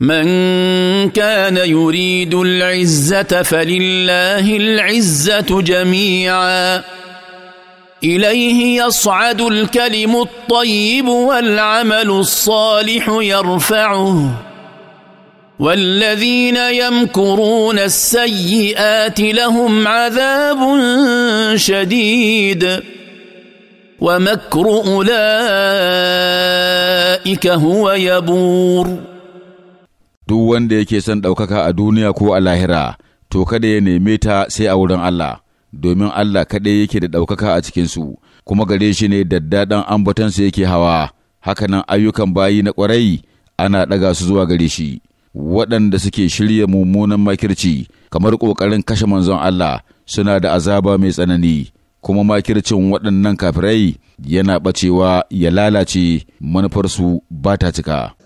من كان يريد العزه فلله العزه جميعا اليه يصعد الكلم الطيب والعمل الصالح يرفعه والذين يمكرون السيئات لهم عذاب شديد ومكر اولئك هو يبور duk wanda yake son ɗaukaka a duniya ko a lahira, to kada ya neme ta sai a wurin Allah, domin Allah kaɗai yake da ɗaukaka a cikinsu, kuma gare shi ne daddaɗan ambatansu yake hawa, haka nan ayyukan bayi na ƙwarai ana ɗaga su zuwa gare shi. Waɗanda suke shirya mummunan makirci, kamar ƙoƙarin kashe manzon Allah, suna da azaba mai tsanani. kuma makircin waɗannan kafirai yana ɓacewa ya lalace manufarsu ba ta cika.